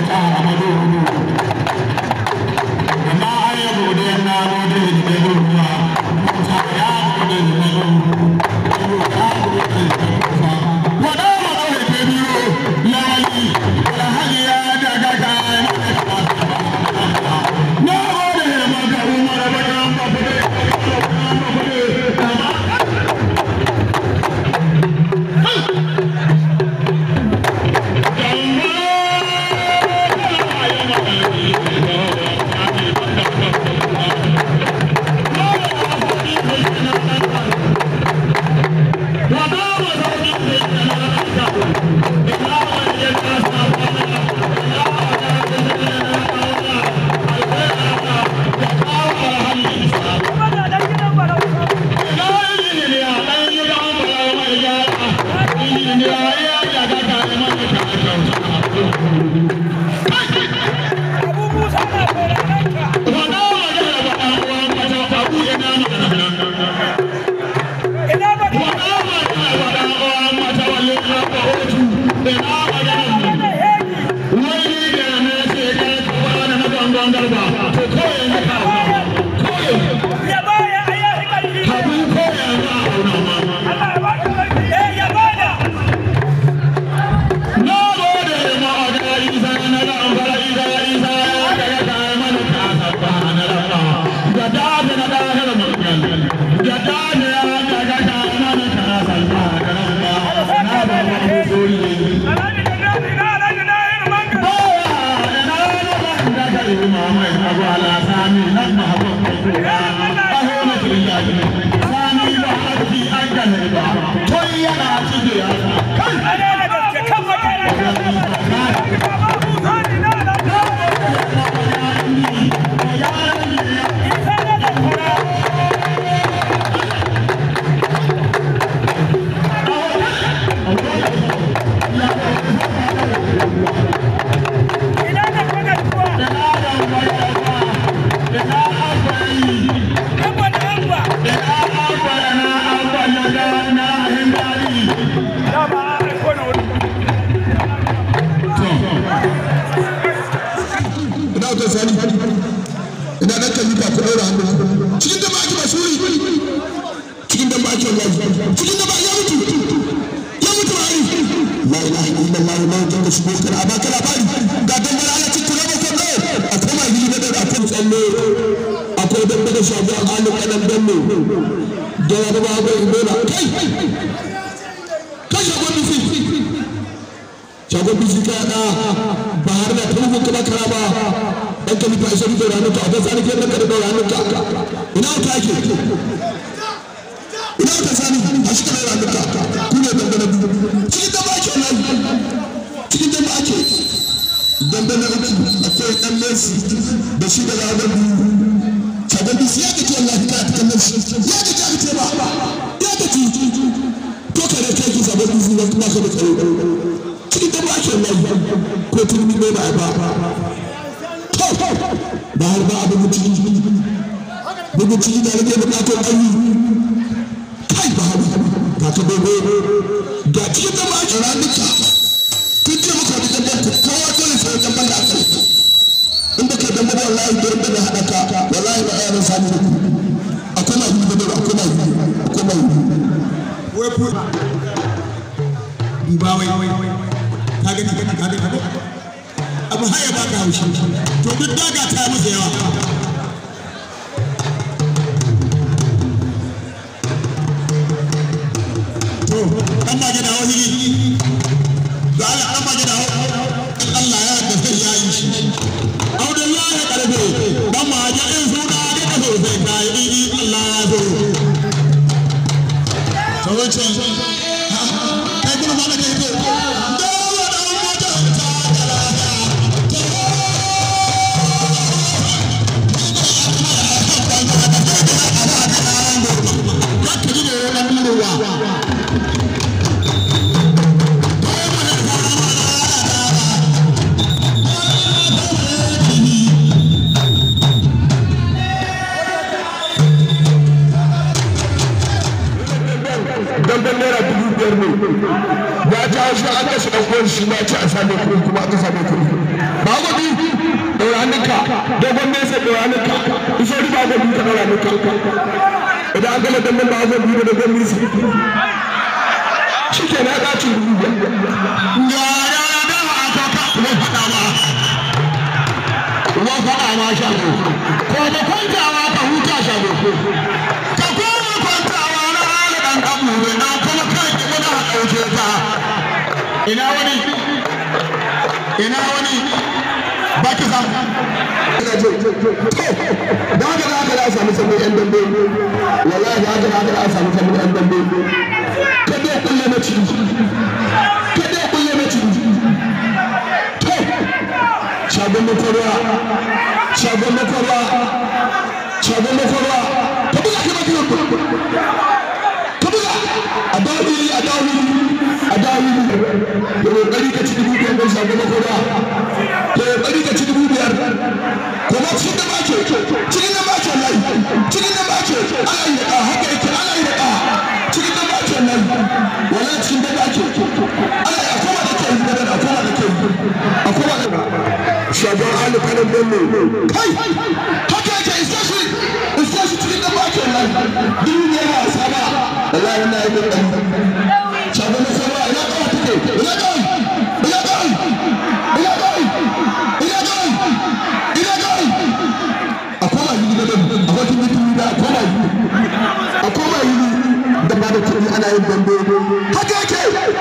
ta'ala na yau bokar amma kana bari ga dan ala cikin na bokar ne akwai mai gili da akwai tsalle akwai dan bada shago alu kanan dan ne da ya ba ga ibola kai kai shago bisi shago bisi ka da ba har da tuhu kuma kara ba dan ka nufa isa da ranuka a gaza ne ke da kada da ina ta ke ina ta sani a shi da ranuka gobe na uku akwai dan Messi da shi da biyu kaga bi ya kace wallahi ka ta kallon shi ya kace ka ce ba ya kace to kare kai ki sabon bisu da kuma ka da kare cikin da ba ke wallahi ko tun ne ba ba to ba har ba abin mutum bugu ciki da rage bukatar ayi kai ba ka ka dogo ga cikin da ba ke rabuka wai fu duba wai ka gani abu haya ba ka haushi to duk daga ta masa yawa আমার ko shi ma ci a same kuma aka ba ku bi daura dogon nesa daura iso riba ga bi ka daura idan an ba bi da dogon nesa shi ke na ɗaci ya ya ya ma aka kuma faɗa ma kuma faɗa ma shago ko da kwantawa ka huta shago ina wani ina wani ba ki da haka da haka a samu sabbin yan dambe wallahi da haka da haka a samu sabbin yan dambe kada ya kulle na ciki kada ya kulle na to shagon makarwa shagon makarwa shagon buga ka ba ki ka buga a dawo a dawo kokari ka ci dubu biyar don shago na koda kokari ka ci dubu biyar kuma cikin da bake cikin da bake lai cikin da bake ana yi da haka yake ana yi da cikin da bake lai wala cikin da bake ana yi akwai da ke yi da da ke yi akwai da shagon alu kanan bello kai haka yake istashi istashi cikin da bake lai duk ba saba wallahi ina yi da ana yin dambe haka yake